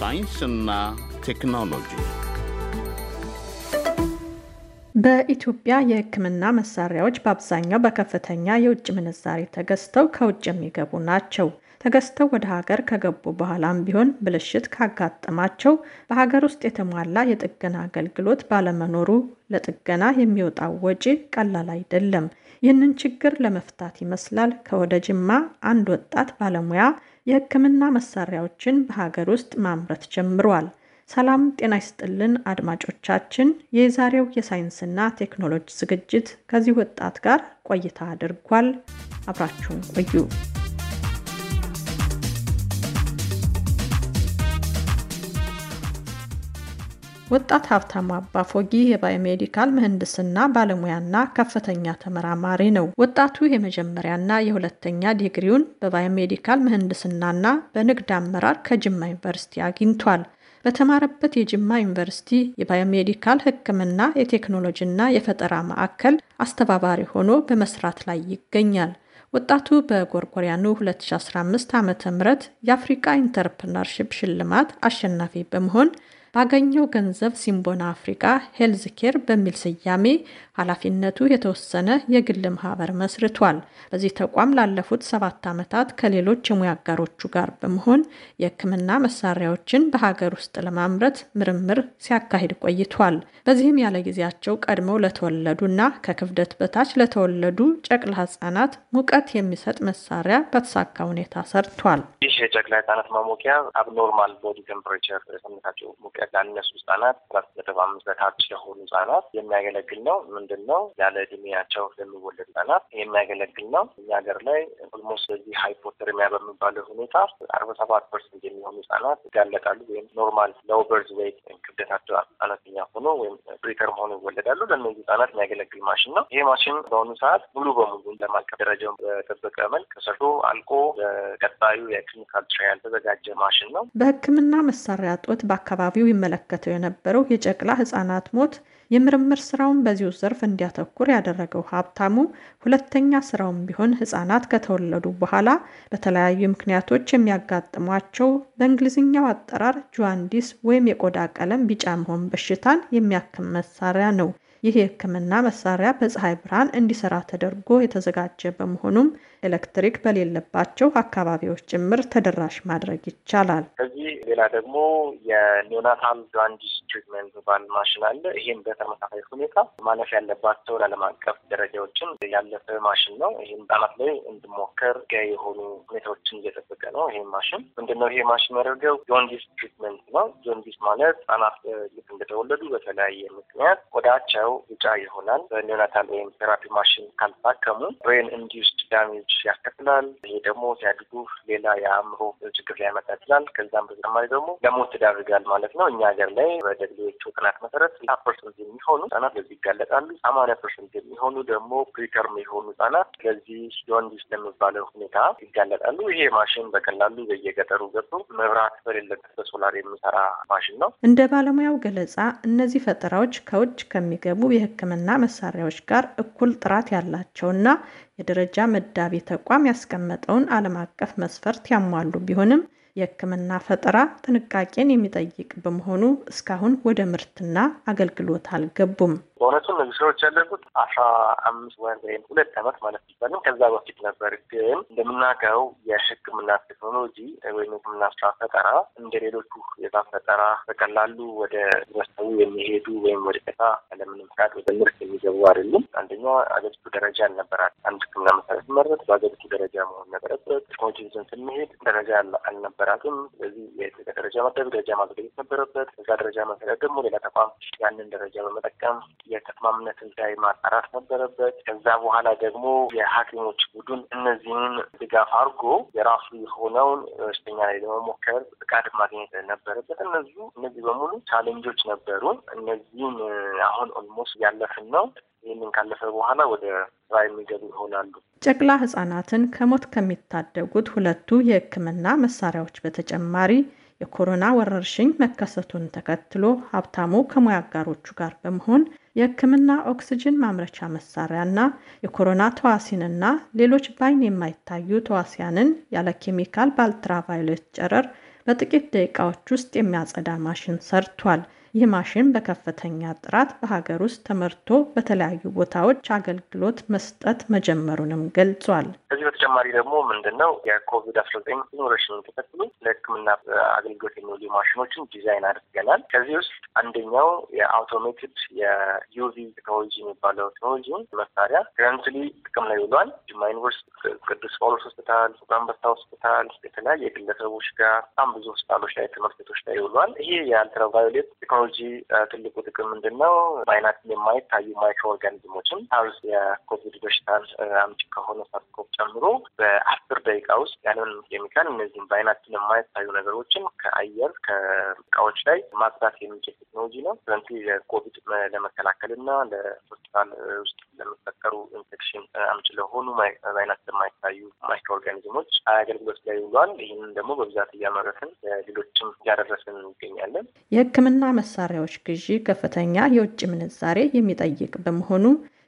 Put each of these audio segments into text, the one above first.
ሳይንስና ቴክኖሎጂ uh, በኢትዮጵያ የሕክምና መሳሪያዎች በአብዛኛው በከፍተኛ የውጭ ምንዛሬ ተገዝተው ከውጭ የሚገቡ ናቸው። ተገዝተው ወደ ሀገር ከገቡ በኋላም ቢሆን ብልሽት ካጋጠማቸው በሀገር ውስጥ የተሟላ የጥገና አገልግሎት ባለመኖሩ ለጥገና የሚወጣው ወጪ ቀላል አይደለም። ይህንን ችግር ለመፍታት ይመስላል ከወደ ጅማ አንድ ወጣት ባለሙያ የሕክምና መሳሪያዎችን በሀገር ውስጥ ማምረት ጀምሯል። ሰላም ጤና ይስጥልን አድማጮቻችን፣ የዛሬው የሳይንስና ቴክኖሎጂ ዝግጅት ከዚህ ወጣት ጋር ቆይታ አድርጓል። አብራችሁን ቆዩ። ወጣት ሀብታሙ አባፎጊ የባዮሜዲካል ምህንድስና ባለሙያና ከፍተኛ ተመራማሪ ነው። ወጣቱ የመጀመሪያና የሁለተኛ ዲግሪውን በባዮሜዲካል ምህንድስናና በንግድ አመራር ከጅማ ዩኒቨርሲቲ አግኝቷል። በተማረበት የጅማ ዩኒቨርሲቲ የባዮሜዲካል ሕክምና የቴክኖሎጂና የፈጠራ ማዕከል አስተባባሪ ሆኖ በመስራት ላይ ይገኛል። ወጣቱ በጎርጎሪያኑ 2015 ዓ ም የአፍሪቃ ኢንተርፕርነርሽፕ ሽልማት አሸናፊ በመሆን ባገኘው ገንዘብ ሲምቦና አፍሪካ ሄልዝ ኬር በሚል ስያሜ ኃላፊነቱ የተወሰነ የግል ማህበር መስርቷል። በዚህ ተቋም ላለፉት ሰባት ዓመታት ከሌሎች የሙያ አጋሮቹ ጋር በመሆን የሕክምና መሳሪያዎችን በሀገር ውስጥ ለማምረት ምርምር ሲያካሂድ ቆይቷል። በዚህም ያለ ጊዜያቸው ቀድመው ለተወለዱና ከክብደት በታች ለተወለዱ ጨቅላ ህጻናት ሙቀት የሚሰጥ መሳሪያ በተሳካ ሁኔታ ሰርቷል። ትንሽ የጨቅላ ህጻናት ማሞቂያ አብኖርማል ቦዲ ቴምፕሬቸር ሰውነታቸው ሙቀት ላነሱ ህጻናት አራት ነጥብ አምስት በታች ለሆኑ ህጻናት የሚያገለግል ነው። ምንድን ነው ያለ እድሜያቸው ለሚወለድ ህጻናት የሚያገለግል ነው። እኛ ሀገር ላይ ኦልሞስት በዚህ ሃይፖተርሚያ በሚባለው ሁኔታ አርባ ሰባት ፐርሰንት የሚሆኑ ህጻናት ይጋለጣሉ ወይም ኖርማል ለውበርዝ በርዝ ዌይት ክብደታቸው አነስተኛ ሆኖ ወይም ፕሪተርም ሆኖ ይወለዳሉ። ለእነዚህ ህጻናት የሚያገለግል ማሽን ነው። ይሄ ማሽን በአሁኑ ሰዓት ሙሉ በሙሉ ለማቀፍ ደረጃውን በጠበቀ መልክ ሰርቶ አልቆ በቀጣዩ የክሊኒ ኤግሪካልቸር ያልተዘጋጀ ማሽን ነው። በህክምና መሳሪያ እጦት በአካባቢው ይመለከተው የነበረው የጨቅላ ህጻናት ሞት የምርምር ስራውን በዚሁ ዘርፍ እንዲያተኩር ያደረገው ሀብታሙ ሁለተኛ ስራውም ቢሆን ህጻናት ከተወለዱ በኋላ በተለያዩ ምክንያቶች የሚያጋጥሟቸው በእንግሊዝኛው አጠራር ጁዋንዲስ ወይም የቆዳ ቀለም ቢጫ መሆን በሽታን የሚያክም መሳሪያ ነው። ይህ የህክምና መሳሪያ በፀሐይ ብርሃን እንዲሰራ ተደርጎ የተዘጋጀ በመሆኑም ኤሌክትሪክ በሌለባቸው አካባቢዎች ጭምር ተደራሽ ማድረግ ይቻላል። ከዚህ ሌላ ደግሞ የኔናታል ጃንዲስ ትሪትመንት ባንድ ማሽን አለ። ይህም በተመሳሳይ ሁኔታ ማለፍ ያለባቸው ዓለም አቀፍ ደረጃዎችን ያለፈ ማሽን ነው። ይህም ህጻናት ላይ እንድሞከር ገ የሆኑ ሁኔታዎችን እየጠበቀ ነው። ይህም ማሽን ምንድነው? ይሄ ማሽን የሚያደርገው ጆንዲስ ትሪትመንት ነው። ጆንዲስ ማለት ህጻናት ልክ እንደተወለዱ በተለያየ ምክንያት ቆዳቸው ቢጫ ይሆናል። በኔናታል ወይም ቴራፒ ማሽን ካልታከሙ ብሬን ኢንዲውስድ ዳሜጅ ያስከትላል። ይሄ ደግሞ ሲያድጉ ሌላ የአእምሮ ችግር ሊያመጣ ይችላል። ከዛም በተጨማሪ ደግሞ ለሞት ትዳርጋል ማለት ነው። እኛ ሀገር ላይ በደብሊዎቹ ጥናት መሰረት ሀ ፐርሰንት የሚሆኑ ህጻናት ለዚህ ይጋለጣሉ። ሰማንያ ፐርሰንት የሚሆኑ ደግሞ ፕሪተርም የሆኑ ህጻናት ለዚህ ጆንዲስ ለሚባለው ሁኔታ ይጋለጣሉ። ይሄ ማሽን በቀላሉ በየገጠሩ ገብቶ መብራት በሌለበት በሶላር የሚሰራ ማሽን ነው። እንደ ባለሙያው ገለጻ እነዚህ ፈጠራዎች ከውጭ ከሚገቡ የህክምና መሳሪያዎች ጋር እኩል ጥራት ያላቸውና የደረጃ መዳቤ ተቋም ያስቀመጠውን ዓለም አቀፍ መስፈርት ያሟሉ ቢሆንም የሕክምና ፈጠራ ጥንቃቄን የሚጠይቅ በመሆኑ እስካሁን ወደ ምርትና አገልግሎት አልገቡም። በእውነቱ እነዚህ ሰዎች ያለፉት አስራ አምስት ወር ወይም ሁለት አመት ማለት ይባልም ከዛ በፊት ነበር። ግን እንደምናውቀው የሕክምና ቴክኖሎጂ ወይም ሕክምና ስራ ፈጠራ እንደ ሌሎቹ የዛ ፈጠራ በቀላሉ ወደ ረሰቡ የሚሄዱ ወይም ወደ ቀታ ያለምንም ፍቃድ ወደ ምርት የሚገቡ አይደሉም። አንደኛ አገሪቱ ደረጃ አልነበራት። አንድ ሕክምና መሰረት መረት በአገሪቱ ደረጃ መሆን ነበረበት። ቴክኖሎጂ ይዘን ስንሄድ ደረጃ አልነበራትም። ስለዚህ ደረጃ መደብ ደረጃ ማዘጋጀት ነበረበት። እዛ ደረጃ መሰረት ደግሞ ሌላ ተቋም ያንን ደረጃ በመጠቀም የተቅማምነት ጉዳይ ማጣራት ነበረበት። ከዛ በኋላ ደግሞ የሐኪሞች ቡድን እነዚህን ድጋፍ አድርጎ የራሱ የሆነውን በሽተኛ ላይ ለመሞከር ፍቃድ ማግኘት ነበረበት። እነዚሁ እነዚህ በሙሉ ቻሌንጆች ነበሩ። እነዚህን አሁን ኦልሞስት ያለፍን ነው። ይህንን ካለፈ በኋላ ወደ ስራ የሚገቡ ይሆናሉ። ጨቅላ ህጻናትን ከሞት ከሚታደጉት ሁለቱ የህክምና መሳሪያዎች በተጨማሪ የኮሮና ወረርሽኝ መከሰቱን ተከትሎ ሀብታሙ ከሙያ አጋሮቹ ጋር በመሆን የህክምና ኦክስጅን ማምረቻ መሳሪያና የኮሮና ተዋሲንና ሌሎች ባይን የማይታዩ ተዋሲያንን ያለ ኬሚካል በአልትራቫዮሌት ጨረር በጥቂት ደቂቃዎች ውስጥ የሚያጸዳ ማሽን ሰርቷል። ይህ ማሽን በከፍተኛ ጥራት በሀገር ውስጥ ተመርቶ በተለያዩ ቦታዎች አገልግሎት መስጠት መጀመሩንም ገልጿል። ከዚህ በተጨማሪ ደግሞ ምንድን ነው የኮቪድ አስራ ዘጠኝ ወረርሽኝ ተከትሎ ለሕክምና አገልግሎት የሚውሉ ማሽኖችን ዲዛይን አድርገናል። ከዚህ ውስጥ አንደኛው የአውቶሜትድ የዩቪ ቴክኖሎጂ የሚባለው ቴክኖሎጂ መሳሪያ ክረንትሊ ጥቅም ላይ ውሏል። ጅማ ዩኒቨርሲቲ፣ ቅዱስ ጳውሎስ ሆስፒታል፣ ጥቁር ሆስፒታል፣ የተለያየ ግለሰቦች ጋር በጣም ብዙ ሆስፒታሎች ላይ ትምህርት ቤቶች ላይ ውሏል። ይሄ የአልትራቫዮሌት ቴክኖሎጂ ቴክኖሎጂ ትልቁ ጥቅም ምንድን ነው? በአይናችን የማይታዩ ማይክሮ ኦርጋኒዝሞችን አብስ የኮቪድ በሽታን አምጪ ከሆነ ሳርኮቭ ጨምሮ በአስር ደቂቃ ውስጥ ያንን ኬሚካል እነዚህም በአይናችን የማይታዩ ነገሮችን ከአየር ከእቃዎች ላይ ማጽዳት የሚችል ቴክኖሎጂ ነው። ስለዚህ ለመከላከል ለመከላከልና ለሆስፒታል ውስጥ ለሚፈጠሩ ኢንፌክሽን አምጪ ለሆኑ በአይናችን የማይታዩ ማይክሮ ኦርጋኒዝሞች አገልግሎት ላይ ውሏል። ይህንን ደግሞ በብዛት እያመረትን ሌሎችም እያደረስን እንገኛለን። የህክምና መሳ መሳሪያዎች ግዢ ከፍተኛ የውጭ ምንዛሬ የሚጠይቅ በመሆኑ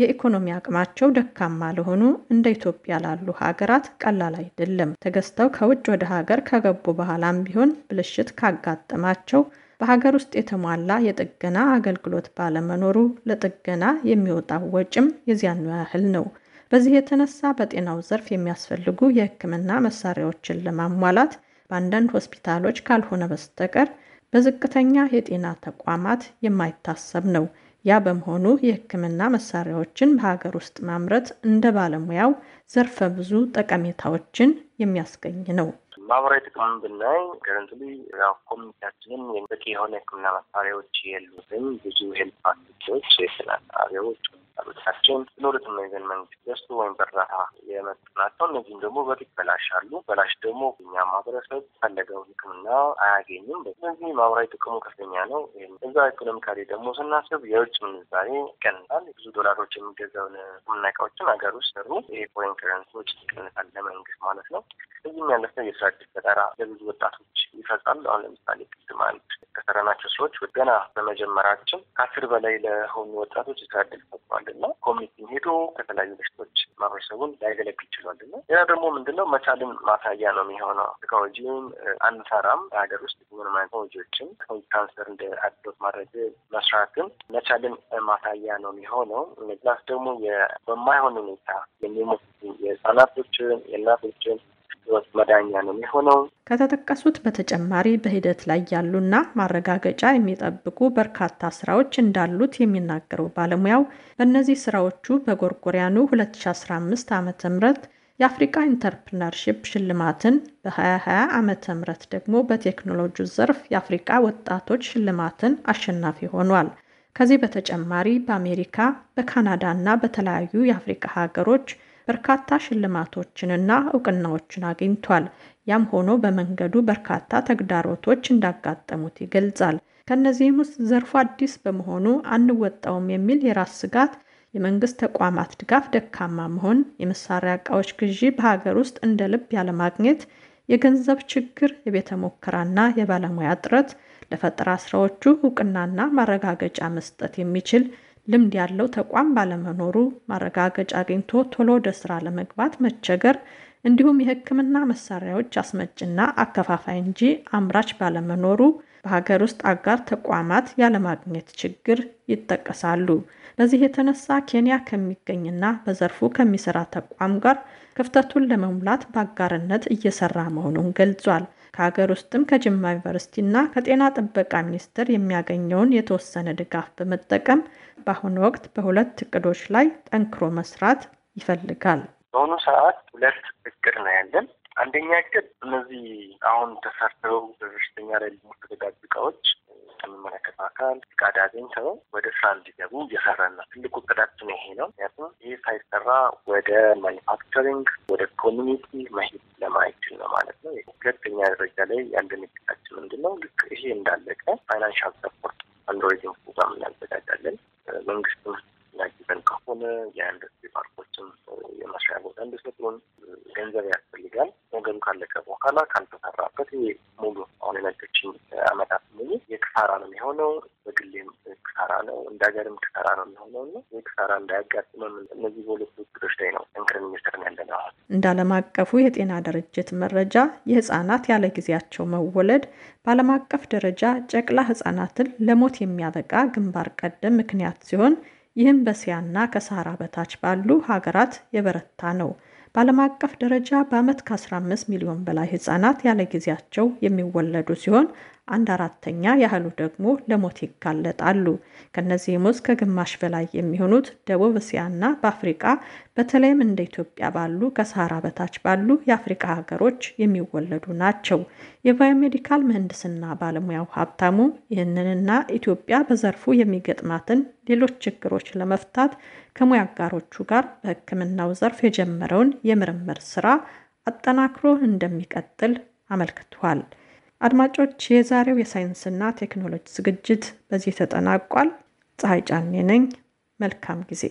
የኢኮኖሚ አቅማቸው ደካማ ለሆኑ እንደ ኢትዮጵያ ላሉ ሀገራት ቀላል አይደለም። ተገዝተው ከውጭ ወደ ሀገር ከገቡ በኋላም ቢሆን ብልሽት ካጋጠማቸው በሀገር ውስጥ የተሟላ የጥገና አገልግሎት ባለመኖሩ ለጥገና የሚወጣው ወጪም የዚያኑ ያህል ነው። በዚህ የተነሳ በጤናው ዘርፍ የሚያስፈልጉ የሕክምና መሳሪያዎችን ለማሟላት በአንዳንድ ሆስፒታሎች ካልሆነ በስተቀር በዝቅተኛ የጤና ተቋማት የማይታሰብ ነው። ያ በመሆኑ የሕክምና መሳሪያዎችን በሀገር ውስጥ ማምረት እንደ ባለሙያው ዘርፈ ብዙ ጠቀሜታዎችን የሚያስገኝ ነው። ማህበራዊ ጥቅም ብናይ ገረንትሊ ያው ኮሚኒቲያችንም በቂ የሆነ ሕክምና መሳሪያዎች የሉትም። ብዙ ሄልፓንቶች፣ የጤና ጣቢያዎች ሀሳቦቻችን ኖርትም ይዘን መንግስት ገዝቶ ወይም በእርዳታ የመጡ ናቸው። እነዚህም ደግሞ በላሽ አሉ። በላሽ ደግሞ እኛ ማህበረሰብ ፈለገው ሕክምና አያገኝም። ስለዚህ ማህበራዊ ጥቅሙ ከፍተኛ ነው። እዛ ኢኮኖሚካሊ ደግሞ ስናስብ የውጭ ምንዛሬ ይቀንሳል። ብዙ ዶላሮች የሚገዛውን ሕክምና እቃዎችን ሀገር ውስጥ ሰሩ የፎሬን ውጭ ይቀንሳል ለመንግስት ማለት ነው። እዚህም ያለፈ የስራ እድል ፈጠራ ለብዙ ወጣቶች ይፈጻል። አሁን ለምሳሌ ቅድም አንድ ከሰረናቸው ሰዎች ገና በመጀመራችን ከአስር በላይ ለሆኑ ወጣቶች የስራ እድል ፈጥሯል። ምንድን ነው ኮሚኒቲ ሄዶ ከተለያዩ በሽቶች ማህበረሰቡን ላይገለብ ይችላል ና ሌላ ደግሞ ምንድን ነው መቻልን ማሳያ ነው የሚሆነው። ቴክኖሎጂውን አንሰራም ሀገር ውስጥ ምንም አይነት ቴክኖሎጂዎችን ካንሰር እንደ አድሎት ማድረግ መስራትን መቻልን ማሳያ ነው የሚሆነው። ፕላስ ደግሞ በማይሆን ሁኔታ የሚሞቱ የህጻናቶችን የእናቶችን ህይወት መዳኛ ነው የሚሆነው። ከተጠቀሱት በተጨማሪ በሂደት ላይ ያሉና ማረጋገጫ የሚጠብቁ በርካታ ስራዎች እንዳሉት የሚናገረው ባለሙያው በእነዚህ ስራዎቹ በጎርጎሪያኑ 2015 ዓ ም የአፍሪካ ኢንተርፕርነርሺፕ ሽልማትን በ2020 ዓመተ ም ደግሞ በቴክኖሎጂ ዘርፍ የአፍሪካ ወጣቶች ሽልማትን አሸናፊ ሆኗል። ከዚህ በተጨማሪ በአሜሪካ፣ በካናዳ እና በተለያዩ የአፍሪካ ሀገሮች በርካታ ሽልማቶችንና እውቅናዎችን አግኝቷል። ያም ሆኖ በመንገዱ በርካታ ተግዳሮቶች እንዳጋጠሙት ይገልጻል። ከእነዚህም ውስጥ ዘርፉ አዲስ በመሆኑ አንወጣውም የሚል የራስ ስጋት፣ የመንግስት ተቋማት ድጋፍ ደካማ መሆን፣ የመሳሪያ እቃዎች ግዢ በሀገር ውስጥ እንደ ልብ ያለማግኘት፣ የገንዘብ ችግር፣ የቤተ ሙከራና የባለሙያ እጥረት ለፈጠራ ስራዎቹ እውቅናና ማረጋገጫ መስጠት የሚችል ልምድ ያለው ተቋም ባለመኖሩ ማረጋገጫ አግኝቶ ቶሎ ወደ ስራ ለመግባት መቸገር እንዲሁም የሕክምና መሳሪያዎች አስመጭና አከፋፋይ እንጂ አምራች ባለመኖሩ በሀገር ውስጥ አጋር ተቋማት ያለማግኘት ችግር ይጠቀሳሉ። በዚህ የተነሳ ኬንያ ከሚገኝና በዘርፉ ከሚሰራ ተቋም ጋር ክፍተቱን ለመሙላት በአጋርነት እየሰራ መሆኑን ገልጿል። ከሀገር ውስጥም ከጅማ ዩኒቨርሲቲና ከጤና ጥበቃ ሚኒስቴር የሚያገኘውን የተወሰነ ድጋፍ በመጠቀም በአሁኑ ወቅት በሁለት እቅዶች ላይ ጠንክሮ መስራት ይፈልጋል። በአሁኑ ሰዓት ሁለት እቅድ ነው ያለን። አንደኛ እቅድ እነዚህ አሁን ተሰርተው በበሽተኛ ላይ ሊሞ ተዘጋጁ እቃዎች ከሚመለከተው አካል ፍቃድ አግኝተው ወደ ስራ እንዲገቡ እየሰራን ነው። ትልቁ እቅዳችን ይሄ ነው። ምክንያቱም ይህ ሳይሰራ ወደ ማኒፋክቸሪንግ ወደ ኮሚኒቲ መሄድ ለማይችል ነው ማለት ነው። ሁለተኛ ደረጃ ላይ ያንድን እቅዳችን ምንድን ነው? ልክ ይሄ እንዳለቀ ፋይናንሻል ሰፖርት አንድሮይድ በጣም እናዘጋጃለን ትምህርት ያጊዘን ከሆነ የኢንዱስትሪ ፓርኮችም uh, የመስሪያ ቦታ እንዲሰጡን ገንዘብ ያስፈልጋል። ነገሩ ካለቀ በኋላ ካልተሰራበት ሙሉ አሁን የነገችን አመታት ሙሉ የክሳራ ነው የሚሆነው። በግሌም ክሳራ ነው፣ እንደ ሀገርም ክሳራ ነው የሚሆነው እና የክሳራ እንዳያጋጥመም እነዚህ በሁለቱ እቅዶች ላይ ነው ጠንክረን እየሰራን ያለ ነው። እንደ ዓለም አቀፉ የጤና ድርጅት መረጃ የህጻናት ያለ ጊዜያቸው መወለድ በአለም አቀፍ ደረጃ ጨቅላ ህጻናትን ለሞት የሚያበቃ ግንባር ቀደም ምክንያት ሲሆን ይህም በእስያና ከሰሃራ በታች ባሉ ሀገራት የበረታ ነው። በዓለም አቀፍ ደረጃ በዓመት ከ15 ሚሊዮን በላይ ህጻናት ያለ ጊዜያቸው የሚወለዱ ሲሆን አንድ አራተኛ ያህሉ ደግሞ ለሞት ይጋለጣሉ። ከእነዚህም ውስጥ ከግማሽ በላይ የሚሆኑት ደቡብ እስያና በአፍሪቃ በተለይም እንደ ኢትዮጵያ ባሉ ከሰሃራ በታች ባሉ የአፍሪቃ ሀገሮች የሚወለዱ ናቸው። የባዮሜዲካል ምህንድስና ባለሙያው ሀብታሙ ይህንንና ኢትዮጵያ በዘርፉ የሚገጥማትን ሌሎች ችግሮች ለመፍታት ከሙያ አጋሮቹ ጋር በሕክምናው ዘርፍ የጀመረውን የምርምር ስራ አጠናክሮ እንደሚቀጥል አመልክቷል። አድማጮች፣ የዛሬው የሳይንስና ቴክኖሎጂ ዝግጅት በዚህ ተጠናቋል። ፀሐይ ጫኔ ነኝ። መልካም ጊዜ